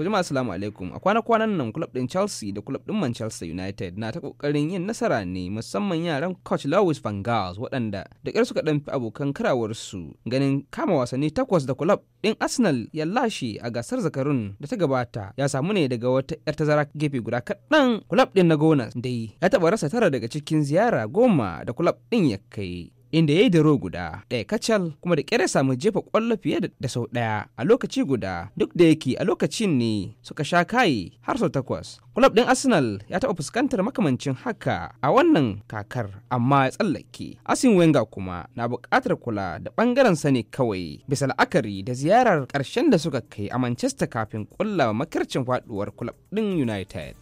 To jama'a assalamu alaikum. A kwana-kwanan nan club din Chelsea da club din Manchester United na ta kokarin yin nasara ne musamman yaran coach Louis van Gaal waɗanda da ƙyar suka fi abokan karawar su ganin kama wasanni takwas da club din Arsenal ya lashe a gasar zakarun da ta gabata ya samu ne daga wata 'yar tazara gefe guda kaɗan club din na Gunners dai ya taɓa rasa tara daga cikin ziyara goma da club din ya kai. inda ya yi da guda ɗaya kacal kuma da ƙyar samu jefa ƙwallo fiye da sau ɗaya a lokaci guda duk da yake a lokacin ne suka sha kayi har sau takwas kulab ɗin arsenal ya taɓa fuskantar makamancin haka a wannan kakar amma ya tsallake asin wenga kuma na buƙatar kula da ɓangaren sa ne kawai bisa la'akari da ziyarar ƙarshen da suka kai a manchester kafin ƙulla makarcin faɗuwar kulab ɗin united